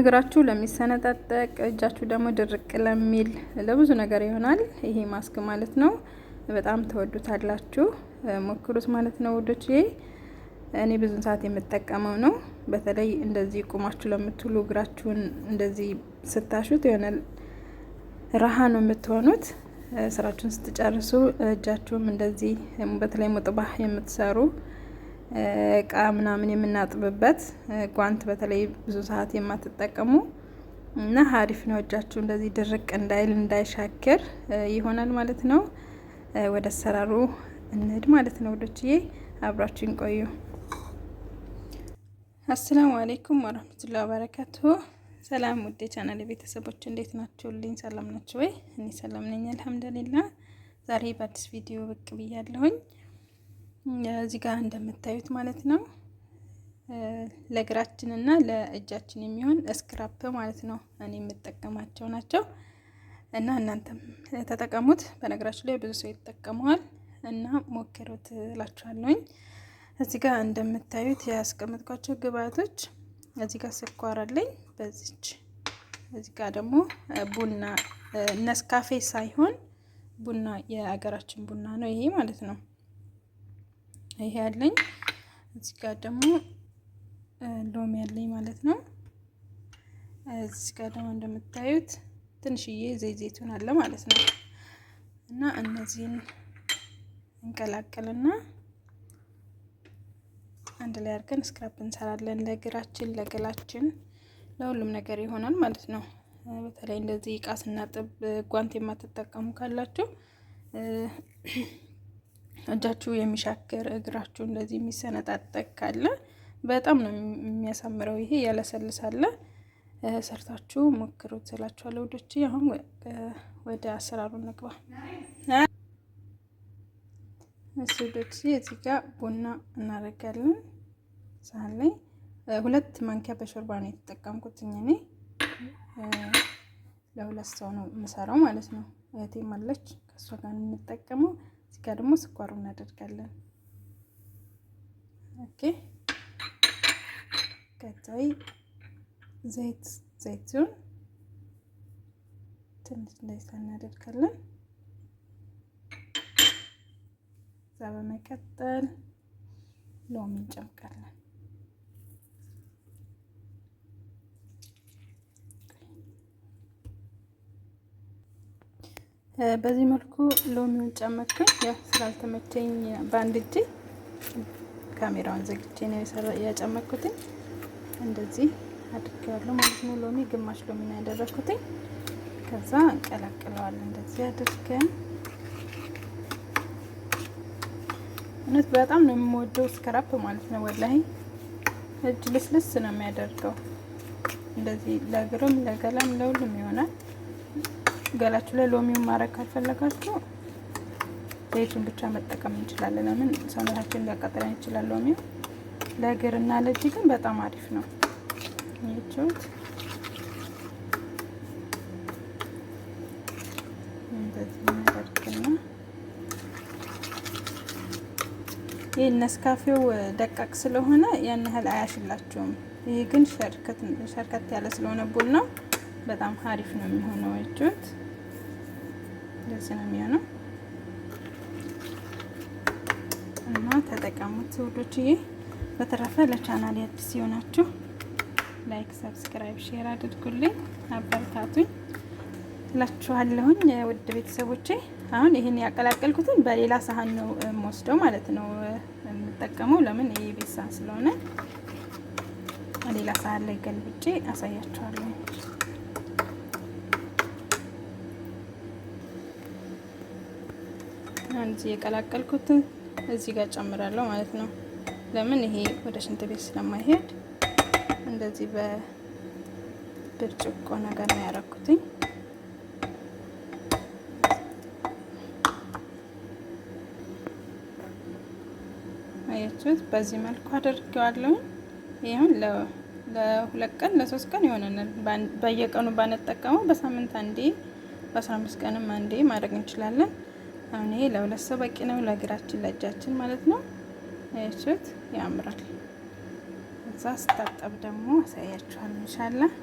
እግራችሁ ለሚሰነጣጠቅ፣ እጃችሁ ደግሞ ድርቅ ለሚል ለብዙ ነገር ይሆናል ይሄ ማስክ ማለት ነው። በጣም ተወዱታላችሁ፣ ሞክሩት ማለት ነው ውዶች። እኔ ብዙን ሰዓት የምጠቀመው ነው። በተለይ እንደዚህ ቁማችሁ ለምትሉ እግራችሁን እንደዚህ ስታሹት የሆነ ረሃ ነው የምትሆኑት። ስራችሁን ስትጨርሱ እጃችሁም እንደዚህ በተለይ ሙጥባህ የምትሰሩ እቃ ምናምን የምናጥብበት ጓንት በተለይ ብዙ ሰዓት የማትጠቀሙ እና ሀሪፍ ነው። እጃችሁ እንደዚህ ድርቅ እንዳይል እንዳይሻክር ይሆናል ማለት ነው። ወደ አሰራሩ እንሂድ ማለት ነው ውዶችዬ፣ አብራችን ቆዩ። አሰላሙ አሌይኩም ወረህመቱላ ወበረካቱሁ። ሰላም ውዴ ቻናል ቤተሰቦች እንዴት ልኝ ሰላም ናችሁ ወይ? እኔ ሰላም ነኝ አልሐምዱሊላ። ዛሬ በአዲስ ቪዲዮ ብቅ ብያለሁኝ። እዚህ ጋር እንደምታዩት ማለት ነው። ለእግራችን እና ለእጃችን የሚሆን እስክራፕ ማለት ነው። እኔ የምጠቀማቸው ናቸው እና እናንተም ተጠቀሙት። በነገራችሁ ላይ ብዙ ሰው ይጠቀመዋል እና ሞክሩት እላችኋለሁኝ። እዚህ ጋር እንደምታዩት ያስቀመጥኳቸው ግብአቶች እዚህ ጋር ስኳር አለኝ በዚች እዚህ ጋር ደግሞ ቡና ነስካፌ ሳይሆን ቡና የአገራችን ቡና ነው ይሄ ማለት ነው። ይሄ ያለኝ እዚህ ጋር ደግሞ ሎሚ ያለኝ ማለት ነው። እዚህ ጋር ደግሞ እንደምታዩት ትንሽዬ ዘይት ዘይቱን አለ ማለት ነው። እና እነዚህን እንቀላቀልና አንድ ላይ አድርገን ስክራፕ እንሰራለን። ለእግራችን፣ ለገላችን፣ ለሁሉም ነገር ይሆናል ማለት ነው። በተለይ እንደዚህ እቃ ስናጥብ ጓንት የማትጠቀሙ ካላችሁ እጃችሁ የሚሻክር እግራችሁ እንደዚህ የሚሰነጣጠቅ ካለ በጣም ነው የሚያሳምረው። ይሄ ያለሰልሳለ ሰርታችሁ ሞክሩት ስላችኋለሁ ውዶች። አሁን ወደ አሰራሩ እንግባ። እሱ ውዶች፣ እዚህ ጋ ቡና እናደርጋለን ሳህን ላይ ሁለት ማንኪያ በሾርባ ነው የተጠቀምኩት እኔ ለሁለት ሰው ነው የምሰራው ማለት ነው። እህቴም አለች ከእሷ ጋር የምንጠቀመው ጋር ደግሞ ስኳሩ እናደርጋለን። ኦኬ ቀጣይ ዘይት ዘይቱን ትንሽ እንደዛ እናደርጋለን። እዛ በመቀጠል ሎሚ እንጨምቃለን። በዚህ መልኩ ሎሚውን ጨመርኩኝ። ያ ስላልተመቸኝ በአንድ እጅ ካሜራውን ዘግቼ ነው ያጨመርኩትኝ። እንደዚህ አድርጌዋለሁ ማለት ነው። ሎሚ ግማሽ ሎሚ ነው ያደረግኩትኝ። ከዛ እንቀላቅለዋል እንደዚህ አድርገን እውነት በጣም ነው የምወደው ስክራፕ ማለት ነው። ወላሂ እጅ ልስልስ ነው የሚያደርገው። እንደዚህ ለእግርም ለገላም ለሁሉም ይሆናል። ገላችሁ ላይ ሎሚውን ማድረግ ካልፈለጋችሁ ዘይቱን ብቻ መጠቀም እንችላለን። ለምን ሰውነታችን ሊያቃጥለን ይችላል። ሎሚው ለእግርና ለእጅ ግን በጣም አሪፍ ነው። ይችት እንደዚህ ይህ ነስካፌው ደቃቅ ስለሆነ ያን ያህል አያሽላችሁም። ይህ ግን ሸርከት ያለ ስለሆነ ቡል ነው በጣም አሪፍ ነው የሚሆነው። እጁት እንደዚህ ነው የሚሆነው እና ተጠቀሙት ውዶችዬ። በተረፈ ለቻናል አዲስ ሲሆናችሁ ላይክ፣ ሰብስክራይብ፣ ሼር አድርጉልኝ፣ አበረታቱኝ እላችኋለሁኝ ውድ ቤተሰቦቼ። አሁን ይህን ያቀላቀልኩትን በሌላ ሳህን ነው የምወስደው ማለት ነው የምጠቀመው። ለምን ይህ ቤት ሳህን ስለሆነ ሌላ ሳህን ላይ ገልብጬ አሳያችኋለሁ። አንድ የቀላቀልኩትን እዚህ ጋር ጨምራለሁ ማለት ነው። ለምን ይሄ ወደ ሽንት ቤት ስለማይሄድ እንደዚህ በብርጭቆ ነገር ነው ያደረኩትኝ። አያችሁት? በዚህ መልኩ አድርጌዋለሁ። ይሄን ለሁለት ቀን ለሶስት ቀን ይሆነናል። በየቀኑ ባንጠቀመው በሳምንት አንዴ በአስራ አምስት ቀንም አንዴ ማድረግ እንችላለን። አሁን ይሄ ለሁለት ሰው በቂ ነው፣ ለእግራችን ለእጃችን ማለት ነው። ያችሁት ያምራል። እዛ ስታጠብ ደግሞ አሳያችኋል ኢንሻላህ